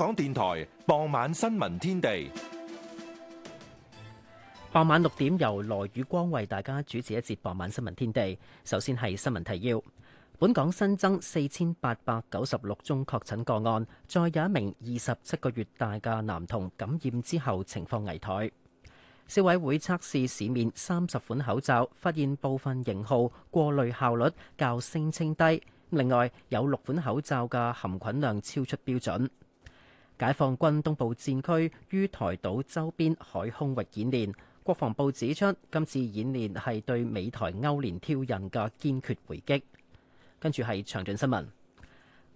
港電台傍晚新聞天地，傍晚六點由羅宇光為大家主持一節傍晚新聞天地。首先係新聞提要，本港新增四千八百九十六宗確診個案，再有一名二十七個月大嘅男童感染之後，情況危殆。消委會測試市面三十款口罩，發現部分型號過濾效率較聲稱低，另外有六款口罩嘅含菌量超出標準。解放軍東部戰區於台島周邊海空域演練，國防部指出，今次演練係對美台歐聯挑釁嘅堅決回擊。跟住係詳盡新聞，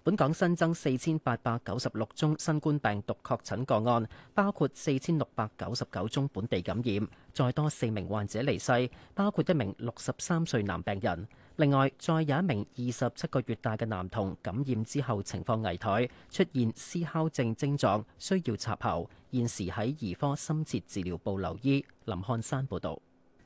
本港新增四千八百九十六宗新冠病毒確診個案，包括四千六百九十九宗本地感染，再多四名患者離世，包括一名六十三歲男病人。另外，再有一名二十七個月大嘅男童感染之後，情況危殆，出現思烤症症狀，需要插喉，現時喺兒科深切治療部留醫。林漢山報導，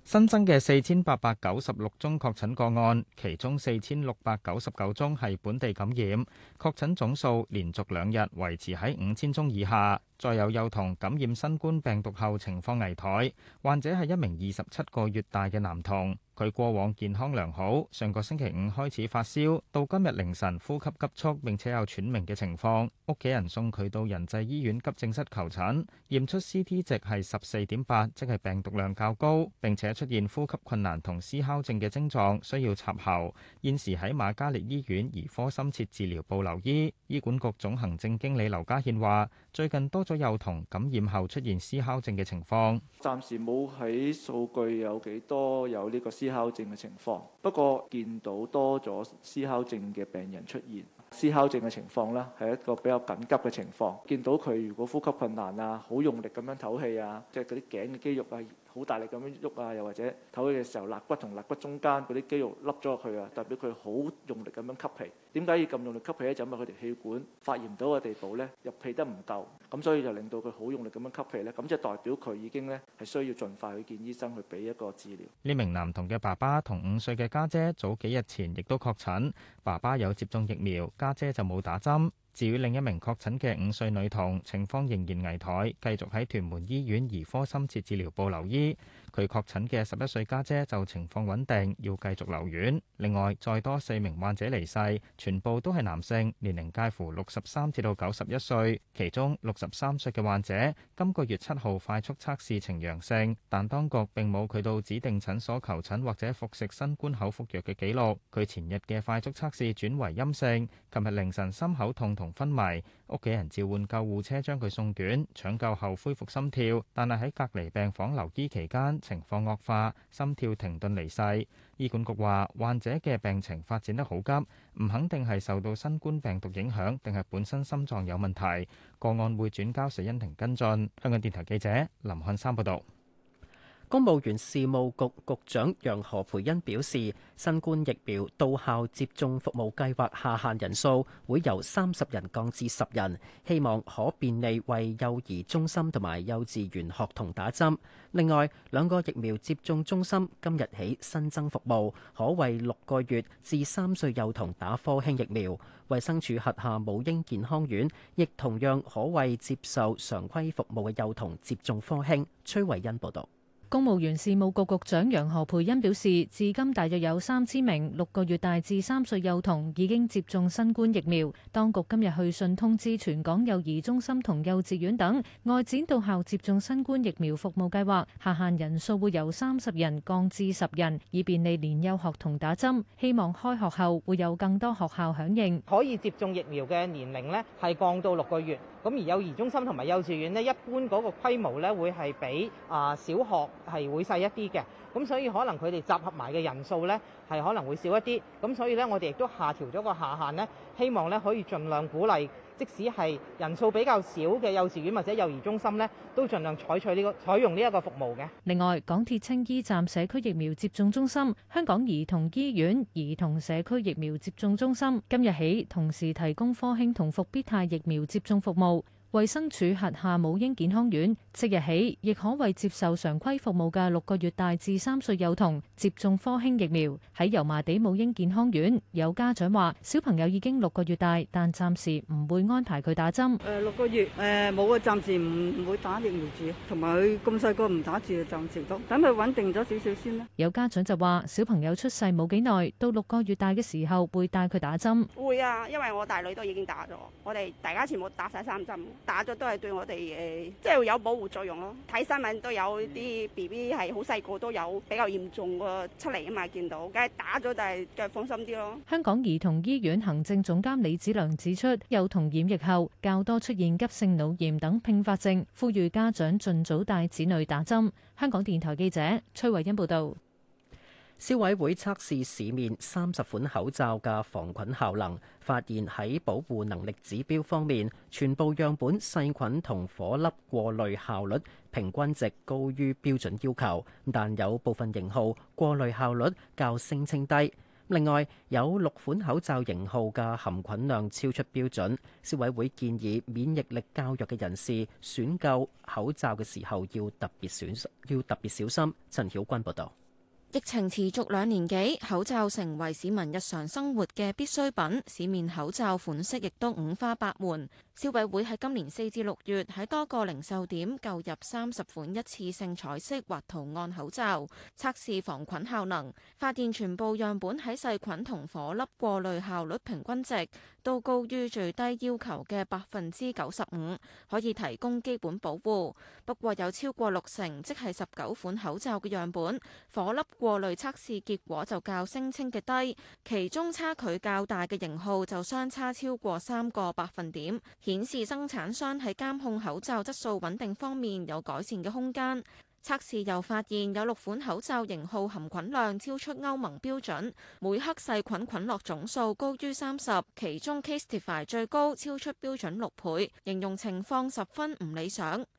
新增嘅四千八百九十六宗確診個案，其中四千六百九十九宗係本地感染，確診總數連續兩日維持喺五千宗以下。再有幼童感染新冠病毒後情況危殆，患者係一名二十七個月大嘅男童。佢過往健康良好，上個星期五開始發燒，到今日凌晨呼吸急促，並且有喘鳴嘅情況。屋企人送佢到仁濟醫院急症室求診，驗出 C T 值係十四點八，即係病毒量較高，並且出現呼吸困難同思考症嘅症狀，需要插喉。現時喺瑪嘉烈醫院兒科深切治療部留醫。醫管局總行政經理劉家獻話。最近多咗幼童感染後出現思考症嘅情況，暫時冇喺數據有幾多有呢個思考症嘅情況，不過見到多咗思考症嘅病人出現思考症嘅情況咧，係一個比較緊急嘅情況。見到佢如果呼吸困難啊，好用力咁樣唞氣啊，即係嗰啲頸嘅肌肉啊，好大力咁樣喐啊，又或者唞氣嘅時候肋骨同肋骨中間嗰啲肌肉凹咗落去啊，代表佢好用力咁樣吸氣。點解要咁用力吸氣咧？就因為佢條氣管發炎到個地步咧，入氣得唔夠咁，所以就令到佢好用力咁樣吸氣咧。咁即係代表佢已經咧係需要盡快去見醫生去俾一個治療。呢名男童嘅爸爸同五歲嘅家姐早幾日前亦都確診，爸爸有接種疫苗，家姐就冇打針。至於另一名確診嘅五歲女童，情況仍然危殆，繼續喺屯門醫院兒科深切治療部留醫。佢確診嘅十一歲家姐就情況穩定，要繼續留院。另外，再多四名患者離世，全部都係男性，年齡介乎六十三至到九十一歲。其中六十三歲嘅患者今個月七號快速測試呈陽性，但當局並冇佢到指定診所求診或者服食新冠口服藥嘅記錄。佢前日嘅快速測試轉為陰性，琴日凌晨心口痛同昏迷。屋企人召喚救護車將佢送院搶救後恢復心跳，但係喺隔離病房留醫期間情況惡化，心跳停頓離世。醫管局話患者嘅病情發展得好急，唔肯定係受到新冠病毒影響定係本身心臟有問題。個案會轉交死因庭跟進。香港電台記者林漢山報道。公務員事務局局長楊何培恩表示，新冠疫苗到校接種服務計劃下限人數會由三十人降至十人，希望可便利為幼兒中心同埋幼稚園學童打針。另外，兩個疫苗接種中心今日起新增服務，可為六個月至三歲幼童打科興疫苗。衛生署轄下母嬰健康院亦同樣可為接受常規服務嘅幼童接種科興。崔慧欣報導。公務員事務局局長楊何蓓茵表示，至今大約有三千名六個月大至三歲幼童已經接種新冠疫苗。當局今日去信通知全港幼兒中心同幼稚園等外展到校接種新冠疫苗服務計劃下限人數會由三十人降至十人，以便利年幼學童打針，希望開學後會有更多學校響應。可以接種疫苗嘅年齡呢，係降到六個月，咁而幼兒中心同埋幼稚園呢，一般嗰個規模呢，會係比啊小學。係會細一啲嘅，咁所以可能佢哋集合埋嘅人數呢係可能會少一啲，咁所以呢，我哋亦都下調咗個下限呢，希望呢可以盡量鼓勵，即使係人數比較少嘅幼稚園或者幼兒中心呢，都盡量採取呢個採用呢一個服務嘅。另外，港鐵青衣站社區疫苗接種中心、香港兒童醫院兒童社區疫苗接種中心今日起同時提供科興同伏必泰疫苗接種服務。衛生署轄下母嬰健康院即日起亦可為接受常規服務嘅六個月大至三歲幼童接種科興疫苗。喺油麻地母嬰健康院，有家長話：小朋友已經六個月大，但暫時唔會安排佢打針。誒、呃，六個月誒，冇、呃、啊，暫時唔唔會打疫苗住，同埋佢咁細個唔打住，暫時都等佢穩定咗少少先啦。有家長就話：小朋友出世冇幾耐，到六個月大嘅時候會帶佢打針。會啊，因為我大女都已經打咗，我哋大家全部打晒三針。打咗都係對我哋誒，即係有保護作用咯。睇新聞都有啲 B B 係好細個都有比較嚴重個出嚟啊嘛，見到梗係打咗，但係就放心啲咯。香港兒童醫院行政總監李子良指出，幼童染疫後較多出現急性腦炎等併發症，呼籲家長盡早帶子女打針。香港電台記者崔慧欣報道。消委會測試市面三十款口罩嘅防菌效能，發現喺保護能力指標方面，全部樣本細菌同顆粒過濾效率平均值高於標準要求，但有部分型號過濾效率較聲稱低。另外，有六款口罩型號嘅含菌量超出標準，消委會建議免疫力較弱嘅人士選購口罩嘅時候要特別選要特別小心。陳曉君報道。疫情持續兩年幾，口罩成為市民日常生活嘅必需品。市面口罩款式亦都五花八門。消委會喺今年四至六月喺多個零售點購入三十款一次性彩色或圖案口罩，測試防菌效能，發現全部樣本喺細菌同火粒過濾效率平均值都高於最低要求嘅百分之九十五，可以提供基本保護。不過有超過六成，即係十九款口罩嘅樣本，火粒過濾測試結果就較聲稱嘅低，其中差距較大嘅型號就相差超過三個百分點。顯示生產商喺監控口罩質素穩定方面有改善嘅空間。測試又發現有六款口罩型號含菌量超出歐盟標準，每克細菌菌落總數高於三十，其中 Castify 最高超出標準六倍，形容情況十分唔理想。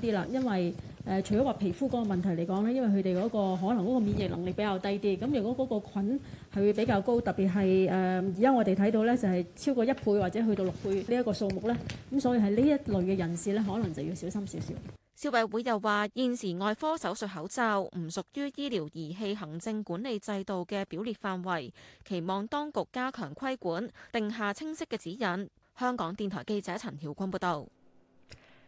啲啦、呃，因為誒、嗰個，除咗話皮膚嗰個問題嚟講呢，因為佢哋嗰個可能嗰個免疫能力比較低啲，咁如果嗰個菌係會比較高，特別係誒而家我哋睇到呢，就係、係、超過一倍或者去到六倍呢一個數目呢。咁、嗯、所以係呢一類嘅人士呢，可能就要小心點點少少。消委會又話，現時外科手術口罩唔屬於醫療儀器行政管理制度嘅表列範圍，期望當局加強規管，定下清晰嘅指引。香港電台記者陳曉君報道。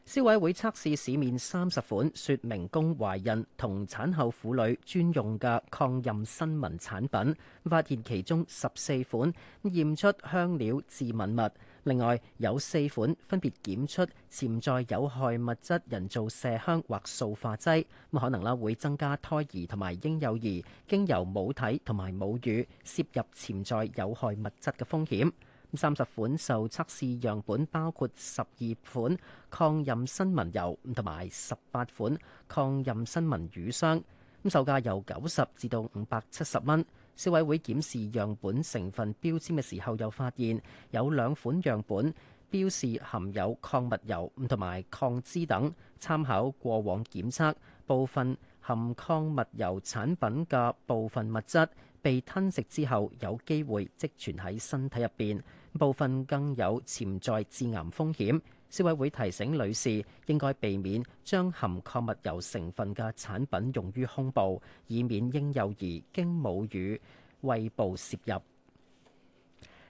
消委會測試市面三十款説明供懷孕同產後婦女專用嘅抗妊娠紋產品，發現其中十四款驗出香料致敏物，另外有四款分別檢出潛在有害物質、人造麝香或塑化劑，咁可能啦會增加胎兒同埋嬰幼兒經由母體同埋母乳攝入潛在有害物質嘅風險。三十款受測試樣本包括十二款抗妊娠紋油同埋十八款抗妊娠紋乳霜，咁售價由九十至到五百七十蚊。消委會檢視樣本成分標籤嘅時候，又發現有兩款樣本標示含有礦物油同埋礦脂等。參考過往檢測，部分含礦物油產品嘅部分物質。被吞食之後有機會積存喺身體入邊，部分更有潛在致癌風險，消委會提醒女士應該避免將含礦物油成分嘅產品用於胸部，以免嬰幼兒經母乳餵哺攝入。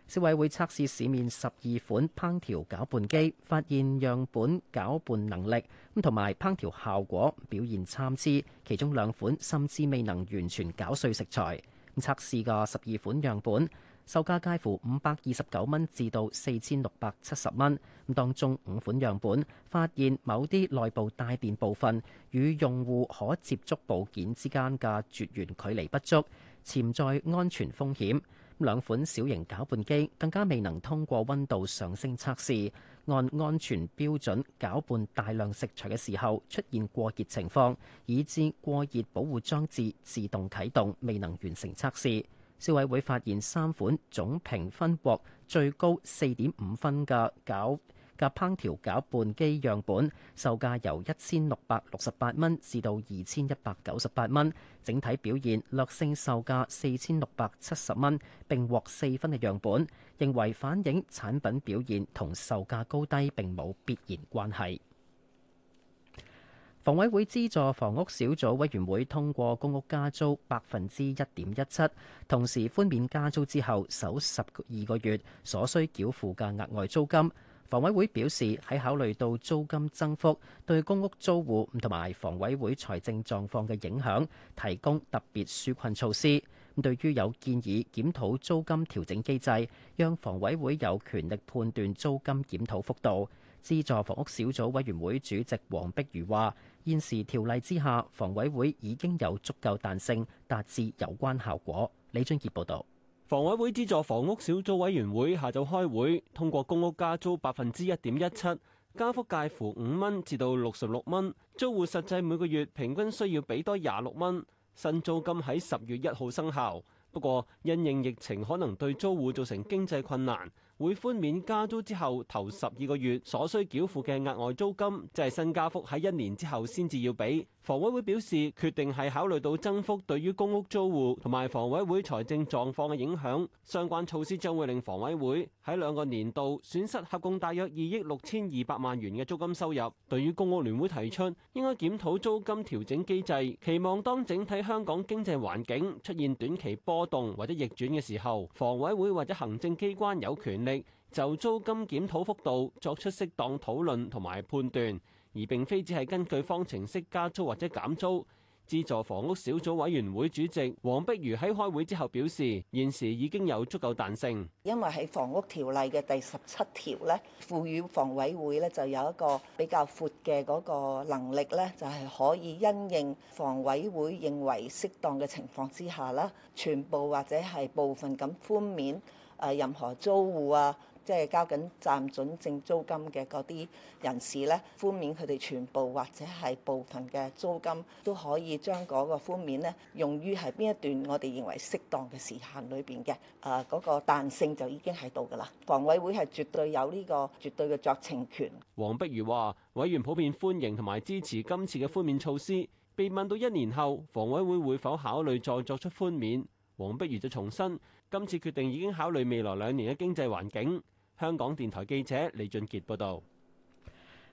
消委會測試市面十二款烹調攪拌機，發現樣本攪拌能力咁同埋烹調效果表現參差，其中兩款甚至未能完全攪碎食材。測試嘅十二款樣本，售價介乎五百二十九蚊至到四千六百七十蚊。當中五款樣本發現某啲內部帶電部分與用戶可接觸部件之間嘅絕緣距離不足，潛在安全風險，兩款小型攪拌機更加未能通過温度上升測試。按安全標準攪拌大量食材嘅時候出現過熱情況，以致過熱保護裝置自動啟動，未能完成測試。消委會發現三款總評分獲最高四點五分嘅攪搞及烹調攪拌機樣本售價由一千六百六十八蚊至到二千一百九十八蚊，整體表現略勝售價四千六百七十蚊，並獲四分嘅樣本，認為反映產品表現同售價高低並冇必然關係。房委會資助房屋小組委員會通過公屋加租百分之一點一七，同時寬免加租之後首十二個月所需繳付嘅額外租金。房委會表示，喺考慮到租金增幅對公屋租戶同埋房委會財政狀況嘅影響，提供特別紓困措施。咁對於有建議檢討租金調整機制，讓房委會有權力判斷租金檢討幅度，資助房屋小組委員會主席黃碧如話：現時條例之下，房委會已經有足夠彈性，達至有關效果。李俊傑報導。房委會資助房屋小組委員會下晝開會，通過公屋加租百分之一點一七，加幅介乎五蚊至到六十六蚊，租戶實際每個月平均需要俾多廿六蚊。新租金喺十月一號生效，不過因應疫情可能對租戶造成經濟困難，會寬免加租之後頭十二個月所需繳付嘅額外租金，即係新加幅喺一年之後先至要俾。房委會表示，決定係考慮到增幅對於公屋租戶同埋房委會財政狀況嘅影響，相關措施將會令房委會喺兩個年度損失合共大約二億六千二百萬元嘅租金收入。對於公屋聯會提出應該檢討租金調整機制，期望當整體香港經濟環境出現短期波動或者逆轉嘅時候，房委會或者行政機關有權力就租金檢討幅度作出適當討論同埋判斷。而並非只係根據方程式加租或者減租。資助房屋小組委員會主席黃碧如喺開會之後表示，現時已經有足夠彈性。因為喺房屋條例嘅第十七條呢，賦予房委會呢，就有一個比較闊嘅嗰個能力呢，就係可以因應房委會認為適當嘅情況之下啦，全部或者係部分咁寬免誒任何租戶啊。即係交緊暫准證租金嘅嗰啲人士咧，寬免佢哋全部或者係部分嘅租金，都可以將嗰個寬免咧用於係邊一段我哋認為適當嘅時限裏邊嘅，誒、呃、嗰、那個彈性就已經喺度噶啦。房委會係絕對有呢、這個絕對嘅酌情權。黃碧如話：委員普遍歡迎同埋支持今次嘅寬免措施。被問到一年後房委會會否考慮再作出寬免，黃碧如就重申：今次決定已經考慮未來兩年嘅經濟環境。香港電台記者李俊傑報道，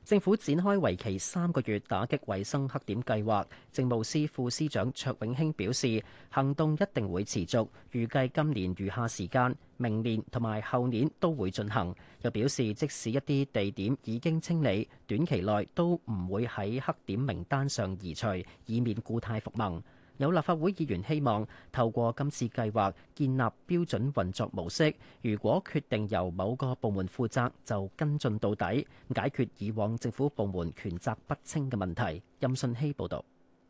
政府展開為期三個月打擊衛生黑點計劃。政務司副司長卓永興表示，行動一定會持續，預計今年餘下時間、明年同埋後年都會進行。又表示，即使一啲地點已經清理，短期內都唔會喺黑點名單上移除，以免故態復萌。有立法會議員希望透過今次計劃建立標準運作模式。如果決定由某個部門負責，就跟進到底，解決以往政府部門權責不清嘅問題。任信希報導。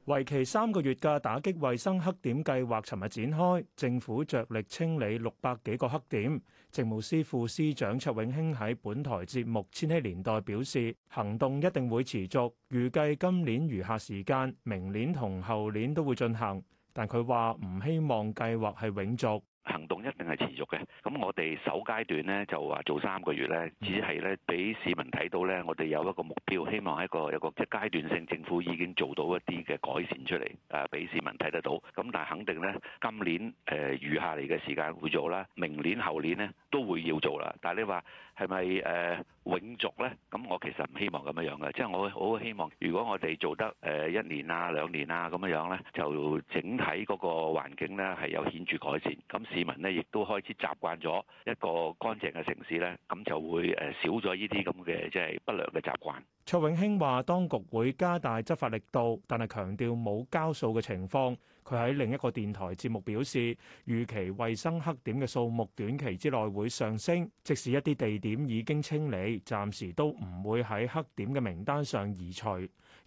為期三個月嘅打擊衛生黑點計劃，尋日展開，政府着力清理六百幾個黑點。政務司副司長卓永興喺本台節目《千禧年代》表示，行動一定會持續，預計今年餘下時間、明年同後年都會進行，但佢話唔希望計劃係永續。行動一定係持續嘅，咁我哋首階段呢，就話做三個月呢，只係呢俾市民睇到呢。我哋有一個目標，希望一個一個即階段性政府已經做到一啲嘅改善出嚟，誒俾市民睇得到。咁但係肯定呢，今年誒呃，餘下嚟嘅時間會做啦，明年後年呢都會要做啦。但係你話，係咪誒永續咧？咁我其實唔希望咁樣樣嘅，即係我好希望，如果我哋做得誒一年啊、兩年啊咁樣樣咧，就整體嗰個環境咧係有顯著改善，咁市民咧亦都開始習慣咗一個乾淨嘅城市咧，咁就會誒少咗呢啲咁嘅即係不良嘅習慣。卓永興話：當局會加大執法力度，但係強調冇交數嘅情況。佢喺另一個電台節目表示，預期衞生黑點嘅數目短期之內會上升，即使一啲地點已經清理，暫時都唔會喺黑點嘅名單上移除。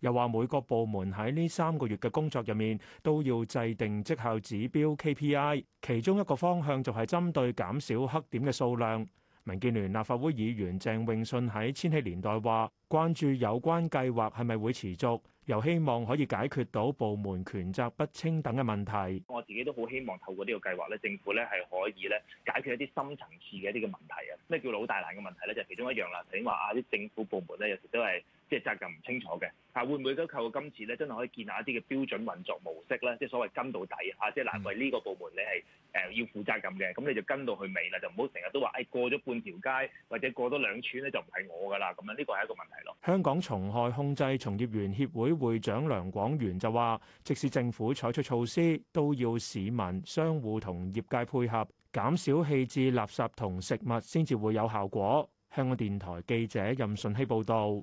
又話每個部門喺呢三個月嘅工作入面都要制定績效指標 KPI，其中一個方向就係針對減少黑點嘅數量。民建聯立法會議員鄭泳舜喺千禧年代話，關注有關計劃係咪會持續。又希望可以解決到部門權責不清等嘅問題，我自己都好希望透過呢個計劃咧，政府咧係可以咧解決一啲深層次嘅一啲嘅問題啊！咩叫老大難嘅問題咧？就係其中一樣啦。頭先話啊，啲政府部門咧有時都係，即係責任唔清楚嘅，但會唔會都靠今次咧，真係可以建立一啲嘅標準運作模式咧？即係所謂跟到底啊！即係難為呢個部門，你係誒要負責任嘅，咁你就跟到去尾啦，就唔好成日都話誒過咗半條街或者過多兩處咧，就唔係我噶啦咁樣。呢個係一個問題咯。香港蟲害控制從業員協會會長梁廣源就話：即使政府採取措施，都要市民、商戶同業界配合，減少棄置垃圾同食物，先至會有效果。香港電台記者任順希報導。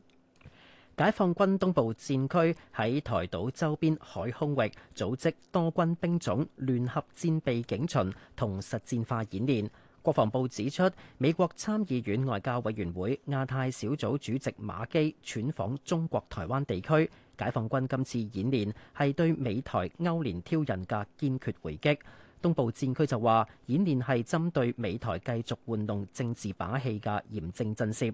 解放軍東部戰區喺台島周邊海空域組織多軍兵種聯合戰備警巡同實戰化演練。國防部指出，美國參議院外交委員會亞太小組主席馬基竄訪中國台灣地區，解放軍今次演練係對美台勾連挑釁嘅堅決回擊。東部戰區就話，演練係針對美台繼續玩弄政治把戲嘅嚴正震懾。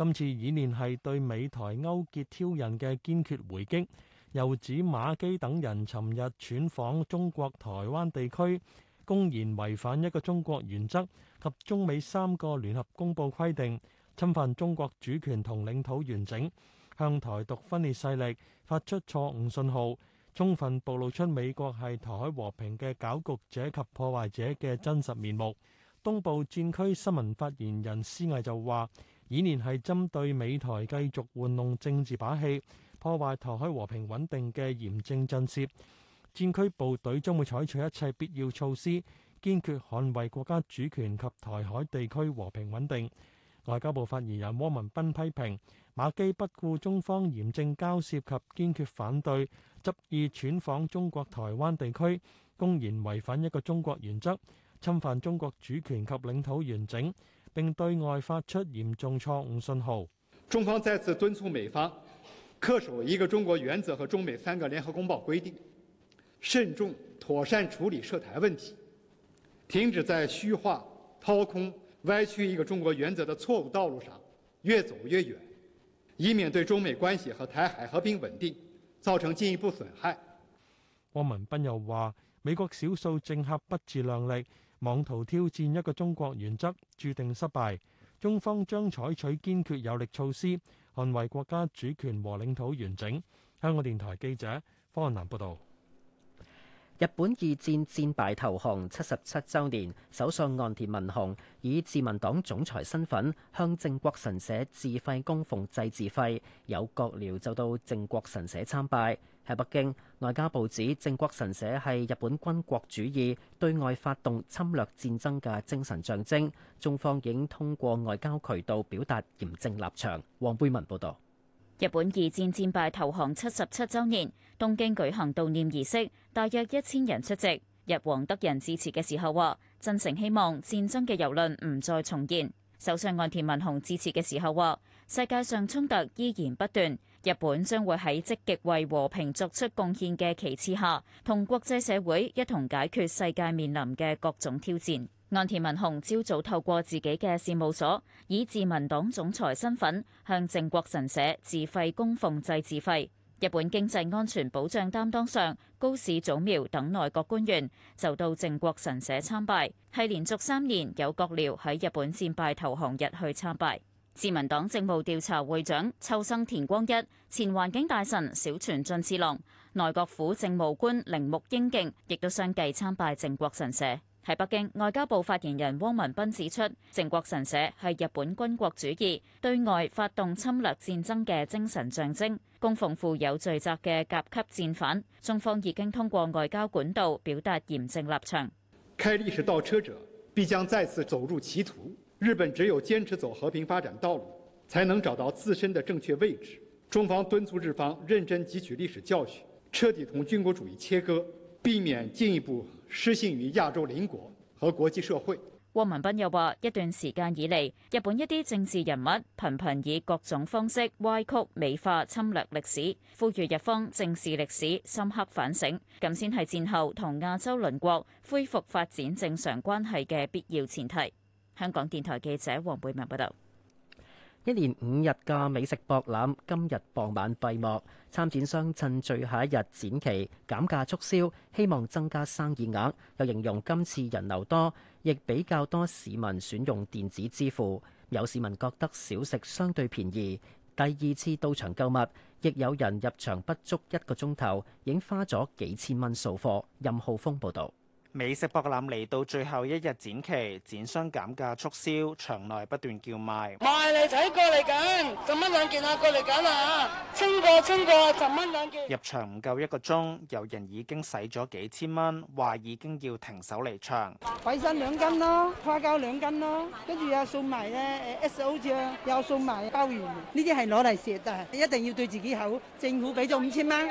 今次演練係對美台勾結挑釁嘅堅決回擊，又指馬基等人尋日竄訪中國台灣地區，公然違反一個中國原則及中美三個聯合公報規定，侵犯中國主權同領土完整，向台獨分裂勢力發出錯誤信號，充分暴露出美國係台海和平嘅攪局者及破壞者嘅真實面目。東部戰區新聞發言人施毅就話。演練係針對美台繼續玩弄政治把戲、破壞台海和平穩定嘅嚴正震懾，戰區部隊將會採取一切必要措施，堅決捍衛國家主權及台海地區和平穩定。外交部發言人汪文斌批評馬基不顧中方嚴正交涉及堅決反對，執意竄訪中國台灣地區，公然違反一個中國原則，侵犯中國主權及領土完整。並對外發出嚴重錯誤信號。中方再次敦促美方恪守一個中國原則和中美三個聯合公報規定，慎重妥善處理涉台問題，停止在虛化、掏空、歪曲一個中國原則的錯誤道路上越走越遠，以免對中美關係和台海和平穩定造成進一步損害。汪文斌又話：「美國少數政客不自量力。妄圖挑戰一個中國原則，註定失敗。中方將採取堅決有力措施，捍衛國家主權和領土完整。香港電台記者方翰林報道。日本二戰戰敗投降七十七週年，首相岸田文雄以自民黨總裁身份向靖國神社自費供奉祭祀費，有閣僚就到靖國神社參拜。喺北京，外交部指靖國神社係日本軍國主義對外發動侵略戰爭嘅精神象徵，中方已經通過外交渠道表達嚴正立場。黃貝文報道。日本二戰戰敗投降七十七週年，東京舉行悼念儀式，大約一千人出席。日皇德仁致辭嘅時候話，真誠希望戰爭嘅遊論唔再重現。首相岸田文雄致辭嘅時候話，世界上衝突依然不斷，日本將會喺積極為和平作出貢獻嘅旗幟下，同國際社會一同解決世界面臨嘅各種挑戰。岸田文雄朝早透過自己嘅事務所，以自民黨總裁身份向靖國神社自費供奉祭祀費。日本經濟安全保障擔當上高市早苗等內閣官員就到靖國神社參拜，係連續三年有國僚喺日本戰敗投降日去參拜。自民黨政務調查會長秋生田光一、前環境大臣小泉進次郎、內閣府政務官鈴木英敬，亦都相繼參拜靖國神社。喺北京，外交部發言人汪文斌指出，靖國神社係日本軍國主義對外發動侵略戰爭嘅精神象徵，供奉負有罪責嘅甲級戰犯。中方已經通過外交管道表達嚴正立場。開歷史倒車者，必將再次走入歧途。日本只有堅持走和平發展道路，才能找到自身的正確位置。中方敦促日方認真汲取歷史教訓，徹底同軍國主義切割。避免進一步失信於亞洲鄰國和國際社會。汪文斌又話一段時間以嚟，日本一啲政治人物頻頻以各種方式歪曲美化侵略歷史，呼籲日方正視歷史、深刻反省，咁先係戰後同亞洲鄰國恢復發展正常關係嘅必要前提。香港電台記者黃貝文報道。一連五日嘅美食博覽今日傍晚閉幕，參展商趁最後一日展期減價促銷，希望增加生意額。又形容今次人流多，亦比較多市民選用電子支付。有市民覺得小食相對便宜，第二次到場購物，亦有人入場不足一個鐘頭，已經花咗幾千蚊掃貨。任浩峰報導。美食博覽嚟到最後一日展期，展商減價促銷，場內不斷叫賣。賣嚟睇過嚟揀，十蚊兩件啊，過嚟揀啊，清過清過，十蚊兩件。入場唔夠一個鐘，有人已經使咗幾千蚊，話已經要停手離場。鬼身兩斤咯，花膠兩斤咯，跟住又送埋咧，S O G，又送埋膠原。呢啲係攞嚟蝕啊！一定要對自己好，政府俾咗五千蚊。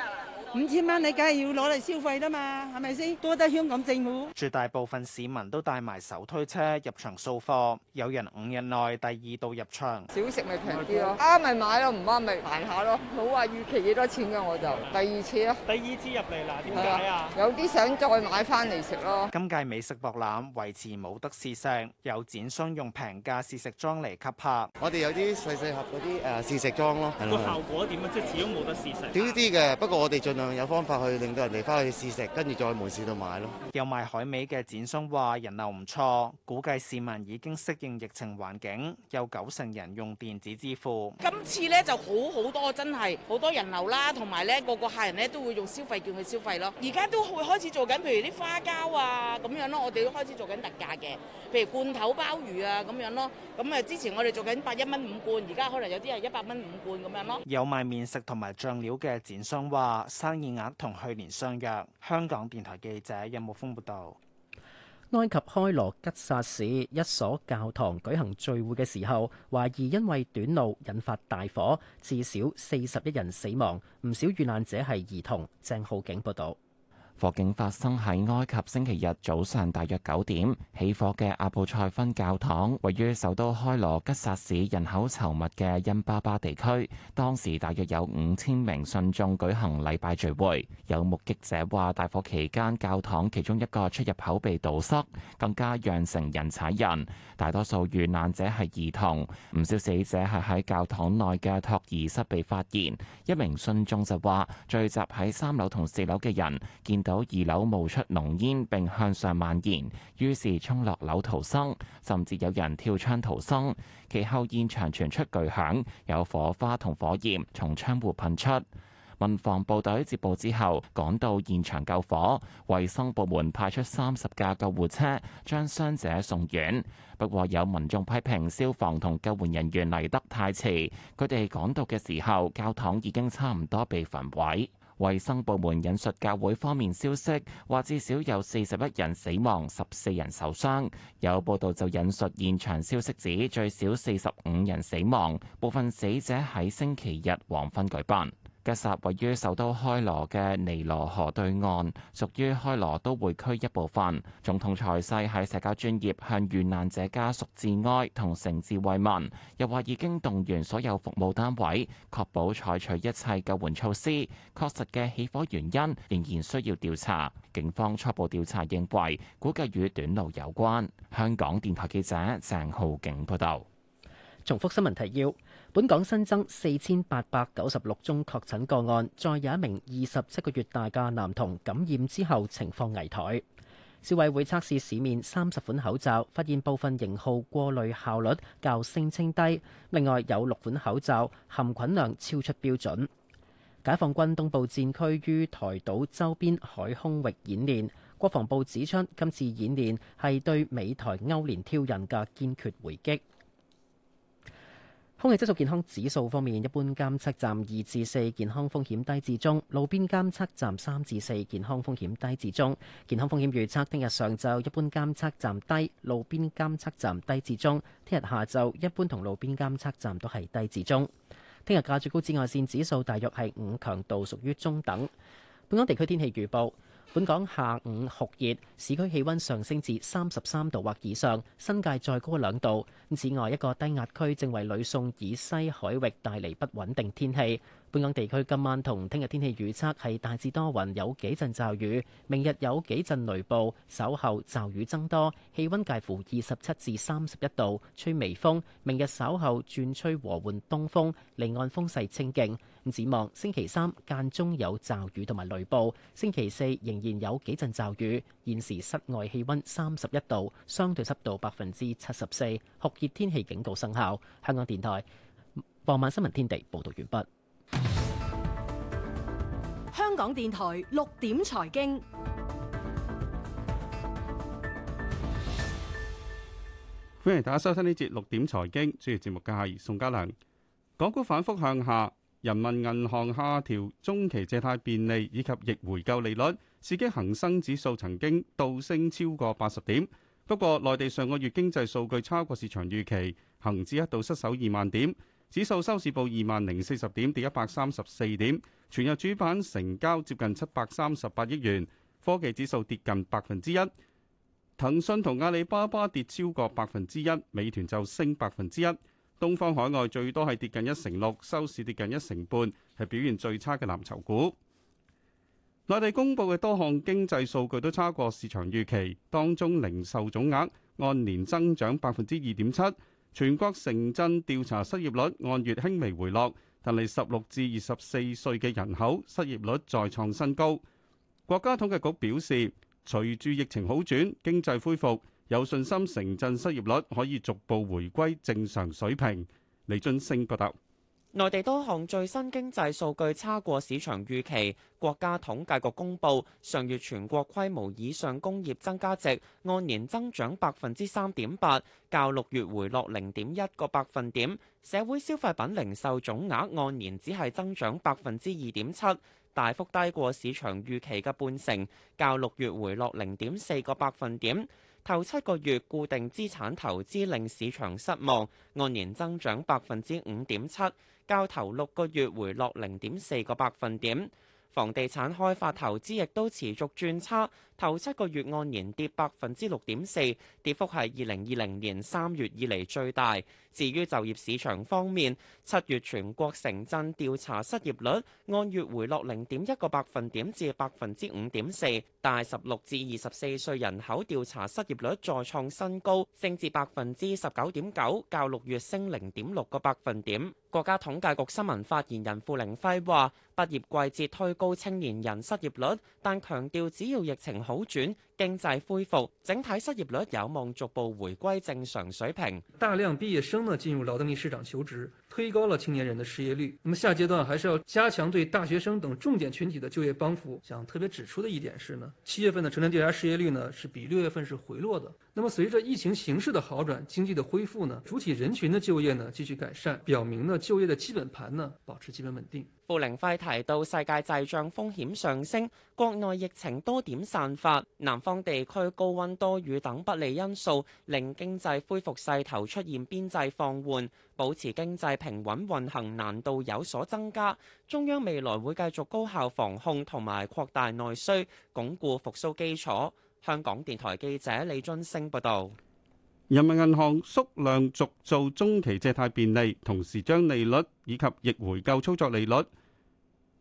五千蚊你梗係要攞嚟消費啦嘛，係咪先？多得香港政府。絕大部分市民都帶埋手推車入場掃貨，有人五日內第二度入場。少食咪平啲咯，啱、啊、咪買咯，唔啱咪行下咯。冇話、啊、預期幾多錢嘅我就、啊、第二次啊。第二次入嚟啦，點解啊？有啲想再買翻嚟食咯。今屆美食博覽維持冇得試食，有展商用平價試食裝嚟吸客。我哋有啲細細盒嗰啲誒試食裝咯。個效果點啊？即係始終冇得試食。少啲嘅，不過我哋進。有方法去令到人哋翻去試食，跟住再去門市度買咯。有賣海味嘅展商話：人流唔錯，估計市民已經適應疫情環境，有九成人用電子支付。今次呢就好好多，真係好多人流啦，同埋呢個個客人呢都會用消費券去消費咯。而家都會開始做緊，譬如啲花膠啊咁樣咯，我哋都開始做緊特價嘅，譬如罐頭鮑魚啊咁樣咯。咁啊，之前我哋做緊八一蚊五罐，而家可能有啲係一百蚊五罐咁樣咯。有賣麵食同埋醬料嘅展商話：。生意額同去年相若。香港電台記者任木峰報道，埃及開羅吉薩市一所教堂舉行聚會嘅時候，懷疑因為短路引發大火，至少四十一人死亡，唔少遇難者係兒童。鄭浩景報道。火警發生喺埃及星期日早上，大約九點起火嘅阿布賽芬教堂，位於首都開羅吉薩市人口稠密嘅恩巴巴地區。當時大約有五千名信眾舉行禮拜聚會。有目擊者話，大火期間教堂其中一個出入口被堵塞，更加釀成人踩人。大多數遇難者係兒童，唔少死者係喺教堂內嘅托兒室被發現。一名信眾就話，聚集喺三樓同四樓嘅人見到有二樓冒出濃煙並向上蔓延，於是衝落樓逃生，甚至有人跳窗逃生。其後現場傳出巨響，有火花同火焰從窗戶噴出。民防部隊接報之後趕到現場救火，衛生部門派出三十架救護車將傷者送院。不過有民眾批評消防同救援人員嚟得太遲，佢哋趕到嘅時候教堂已經差唔多被焚毀。衛生部門引述教會方面消息，話至少有四十一人死亡，十四人受傷。有報道就引述現場消息指，最少四十五人死亡，部分死者喺星期日黃昏舉辦。一襲位於首都開羅嘅尼羅河對岸，屬於開羅都會區一部分。總統塞西喺社交專頁向遇難者家屬致哀同誠摯慰問，又話已經動員所有服務單位，確保採取一切救援措施。確實嘅起火原因仍然需要調查。警方初步調查認為，估計與短路有關。香港電台記者鄭浩景報道。重複新聞提要。本港新增四千八百九十六宗確診個案，再有一名二十七個月大嘅男童感染之後情況危殆。消委會測試市面三十款口罩，發現部分型號過濾效率較聲稱低。另外有六款口罩含菌量超出標準。解放軍東部戰區於台島周邊海空域演練，國防部指出今次演練係對美台勾連挑釁嘅堅決回擊。空氣質素健康指數方面，一般監測站二至四，健康風險低至中；路邊監測站三至四，健康風險低至中。健康風險預測：聽日上晝一般監測站低，路邊監測站低至中；聽日下晝一般同路邊監測站都係低至中。聽日嘅最高紫外綫指數大約係五，強度屬於中等。本港地區天氣預報。本港下午酷熱，市區氣温上升至三十三度或以上，新界再高兩度。此外，一個低壓區正為呂宋以西海域帶嚟不穩定天氣。本港地區今晚同聽日天氣預測係大致多雲，有幾陣驟雨。明日有幾陣雷暴，稍後驟雨增多，氣温介乎二十七至三十一度，吹微風。明日稍後轉吹和緩東風，離岸風勢清勁。展望星期三間中有驟雨同埋雷暴，星期四仍然有幾陣驟雨。現時室外氣温三十一度，相對濕度百分之七十四，酷熱天氣警告生效。香港電台傍晚新聞天地報道完畢。香港電台六點財經，歡迎大家收聽呢節六點財經。主持節目嘅係宋家良。港股反復向下，人民銀行下調中期借貸便利以及逆回購利率，刺激恒生指數曾經倒升超過八十點。不過內地上個月經濟數據超過市場預期，恒指一度失守二萬點。指數收市報二萬零四十點，跌一百三十四點。全日主板成交接近七百三十八億元。科技指數跌近百分之一，騰訊同阿里巴巴跌超過百分之一，美團就升百分之一。東方海外最多係跌近一成六，收市跌近一成半，係表現最差嘅藍籌股。內地公布嘅多項經濟數據都差過市場預期，當中零售總額按年增長百分之二點七。全國城鎮調查失業率按月輕微回落，但係十六至二十四歲嘅人口失業率再創新高。國家統計局表示，隨住疫情好轉、經濟恢復，有信心城鎮失業率可以逐步回歸正常水平。李俊升報道。內地多項最新經濟數據差過市場預期。國家統計局公布，上月全國規模以上工業增加值按年增長百分之三點八，較六月回落零點一個百分點。社會消費品零售總額按年只係增長百分之二點七，大幅低過市場預期嘅半成，較六月回落零點四個百分點。頭七個月固定資產投資令市場失望，按年增長百分之五點七，較頭六個月回落零點四個百分點。房地產開發投資亦都持續轉差。頭七個月按年跌百分之六點四，跌幅係二零二零年三月以嚟最大。至於就業市場方面，七月全國城鎮調查失業率按月回落零點一個百分點至百分之五點四，但十六至二十四歲人口調查失業率再創新高，升至百分之十九點九，較六月升零點六個百分點。國家統計局新聞發言人傅玲輝話：，畢業季節推高青年人失業率，但強調只要疫情，好轉，經濟恢復，整體失業率有望逐步回歸正常水平。大量畢業生呢進入勞動力市場求職。推高了青年人的失業率。那麼下階段還是要加強對大學生等重點群體的就業幫扶。想特別指出的一點是呢，七月份的城鎮調查失業率呢是比六月份是回落的。那麼隨着疫情形勢的好轉，經濟的恢復呢，主體人群的就業呢繼續改善，表明呢就業的基本盤呢保持基本穩定。付凌暉提到，世界滯脹風險上升，國內疫情多點散發，南方地區高溫多雨等不利因素，令經濟恢復勢頭出現邊際放緩。保持經濟平穩運行難度有所增加，中央未來會繼續高效防控同埋擴大內需，鞏固復甦基礎。香港電台記者李津升報道。人民銀行縮量續做中期借貸便利，同時將利率以及逆回購操作利率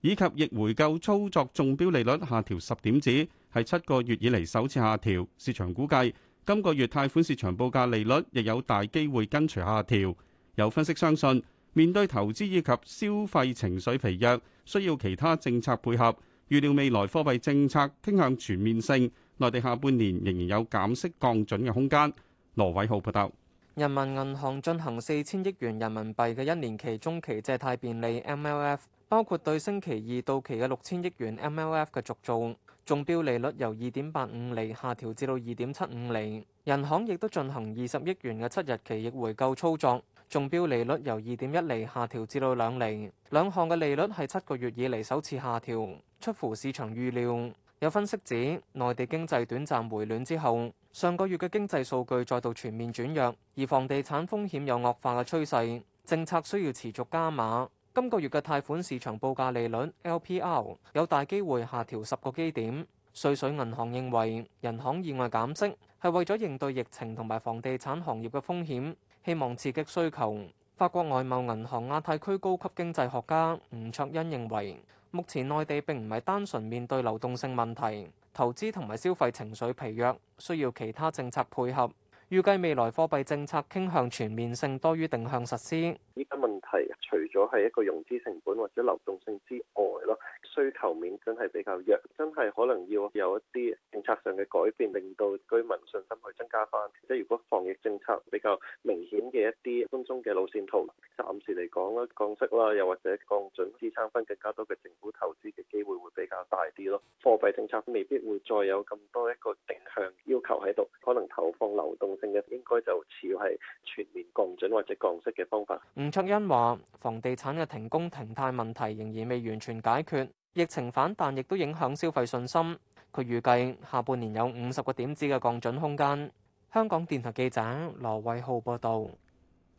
以及逆回購操作中標利率下調十點子，係七個月以嚟首次下調。市場估計今個月貸款市場報價利率亦有大機會跟隨下調。有分析相信，面對投資以及消費情緒疲弱，需要其他政策配合。預料未來貨幣政策傾向全面性，內地下半年仍然有減息降準嘅空間。羅偉浩報道：人民銀行進行四千億元人民幣嘅一年期中期借貸便利 （MLF），包括對星期二到期嘅六千億元 MLF 嘅續做，中標利率由二點八五厘下調至到二點七五厘。人行亦都進行二十億元嘅七日期逆回購操作。中標利率由二點一厘下調至到兩厘，兩項嘅利率係七個月以嚟首次下調，出乎市場預料。有分析指，內地經濟短暫回暖之後，上個月嘅經濟數據再度全面轉弱，而房地產風險有惡化嘅趨勢，政策需要持續加碼。今個月嘅貸款市場報價利率 LPR 有大機會下調十個基點。瑞穗銀行認為，人行意外減息係為咗應對疫情同埋房地產行業嘅風險。希望刺激需求。法國外貿銀行亞太區高級經濟學家吳卓恩認為，目前內地並唔係單純面對流動性問題，投資同埋消費情緒疲弱，需要其他政策配合。預計未來貨幣政策傾向全面性多於定向實施。依家問題除咗係一個融資成本或者流動性之外咯，需求面真係比較弱，真係可能要有一啲政策上嘅改變，令到居民信心去增加翻。即係如果防疫政策比較明顯嘅一啲寬鬆嘅路線圖，暫時嚟講啦，降息啦，又或者降准支撐翻更加多嘅政府投資嘅機會會比較大啲咯。貨幣政策未必會再有咁多一個定向要求喺度，可能投放流動性嘅應該就似係全面降准或者降息嘅方法。梁卓恩話，房地產嘅停工停貸問題仍然未完全解決，疫情反彈亦都影響消費信心。佢預計下半年有五十個點子嘅降準空間。香港電台記者羅偉浩報道。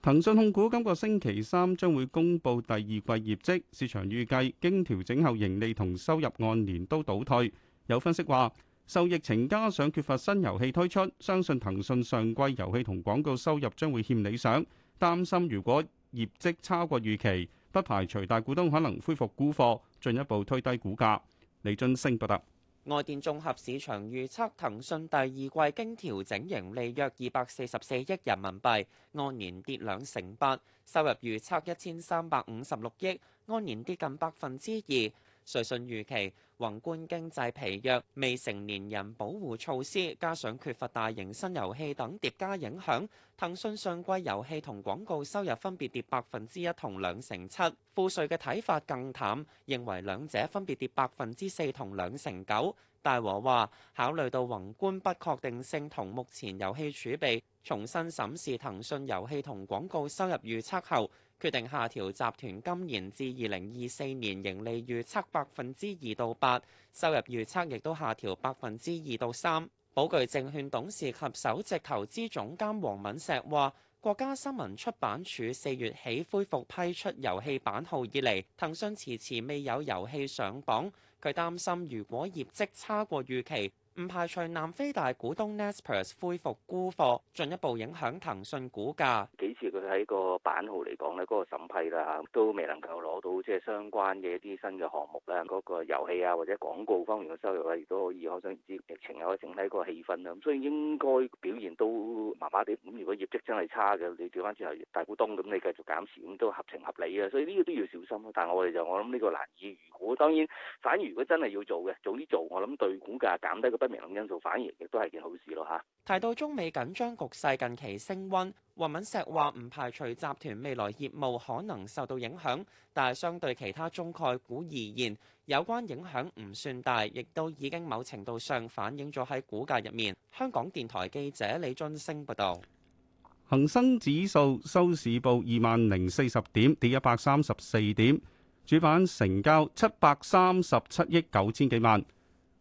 騰訊控股今個星期三將會公布第二季業績，市場預計經調整後盈利同收入按年都倒退。有分析話，受疫情加上缺乏新遊戲推出，相信騰訊上季遊戲同廣告收入將會欠理想，擔心如果。業績超過預期，不排除大股東可能恢復沽貨，進一步推低股價。李津聲報道，外電綜合市場預測，騰訊第二季經調整盈利約二百四十四億人民幣，按年跌兩成八；收入預測一千三百五十六億，按年跌近百分之二。瑞信預期宏觀經濟疲弱、未成年人保護措施，加上缺乏大型新遊戲等疊加影響，騰訊上季遊戲同廣告收入分別跌百分之一同兩成七。富瑞嘅睇法更淡，認為兩者分別跌百分之四同兩成九。大和話考慮到宏觀不確定性同目前遊戲儲備，重新審視騰訊遊戲同廣告收入預測後，決定下調集團今年至二零二四年盈利預測百分之二到八，8，收入預測亦都下調百分之二到三。寶鉅證券董事及首席投資總監黃敏碩話：國家新聞出版署四月起恢復批出遊戲版號以嚟，騰訊遲遲未有遊戲上榜。佢擔心如果業績差過預期，唔排除南非大股東 Naspers 恢復沽貨，進一步影響騰訊股價。幾次佢喺個版號嚟講咧，嗰個審批啦，都未能夠攞到即係相關嘅一啲新嘅項目啦。嗰個遊戲啊，或者廣告方面嘅收入啊，亦都可以。可想而知，疫情又可以整低個氣氛啊。咁所以應該表現都麻麻地。咁如果業績真係差嘅，你調返轉頭大股東咁，你繼續減持咁都合情合理啊。所以呢個都要小心咯。但係我哋就我諗呢個難以預估。當然，反而如果真係要做嘅，早啲做，我諗對股價減低個不。因素反而亦都係件好事咯嚇。提到中美緊張局勢近期升溫，黃敏石話唔排除集團未來業務可能受到影響，但係相對其他中概股而言，有關影響唔算大，亦都已經某程度上反映咗喺股價入面。香港電台記者李俊升報道：「恒生指數收市報二萬零四十點，跌一百三十四點。主板成交七百三十七億九千幾萬。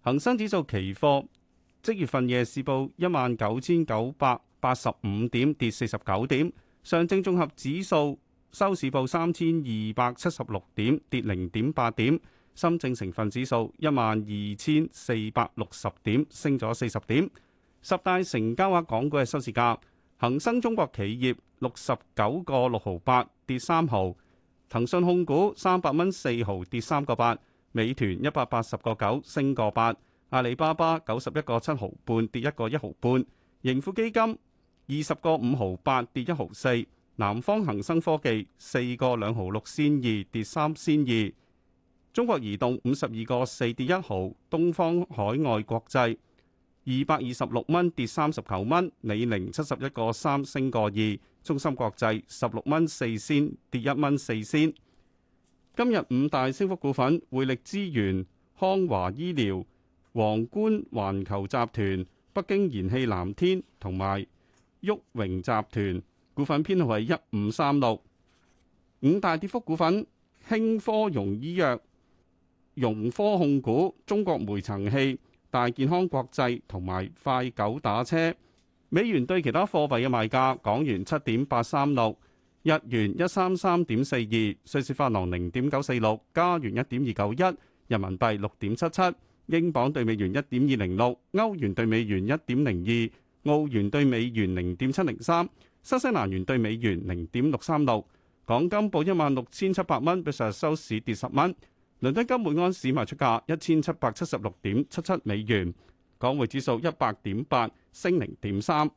恒生指數期貨即月份夜市報一萬九千九百八十五點，跌四十九點。上證綜合指數收市報三千二百七十六點，跌零點八點。深證成分指數一萬二千四百六十點，升咗四十點。十大成交額港股嘅收市價：恒生中國企業六十九個六毫八，跌三毫；騰訊控股三百蚊四毫，跌三個八。美團一百八十個九升個八，阿里巴巴九十一個七毫半跌一個一毫半，盈富基金二十個五毫八跌一毫四，南方恒生科技四個兩毫六先二跌三先二，中國移動五十二個四跌一毫，東方海外國際二百二十六蚊跌三十九蚊，李寧七十一個三升個二，中芯國際十六蚊四先跌一蚊四先。今日五大升幅股份：匯力資源、康華醫療、皇冠環球集團、北京燃氣藍天同埋旭榮集團，股份編號係一五三六。五大跌幅股份：興科融醫藥、融科控股、中國煤層氣、大健康國際同埋快狗打車。美元對其他貨幣嘅賣價：港元七點八三六。日元一三三點四二，瑞士法郎零點九四六，加元一點二九一，人民幣六點七七，英鎊兌美元一點二零六，歐元兌美元一點零二，澳元兌美元零點七零三，新西蘭元兌美元零點六三六。港金報一萬六千七百蚊，比上日收市跌十蚊。倫敦金每盎司賣出價一千七百七十六點七七美元。港匯指數一百點八升零點三。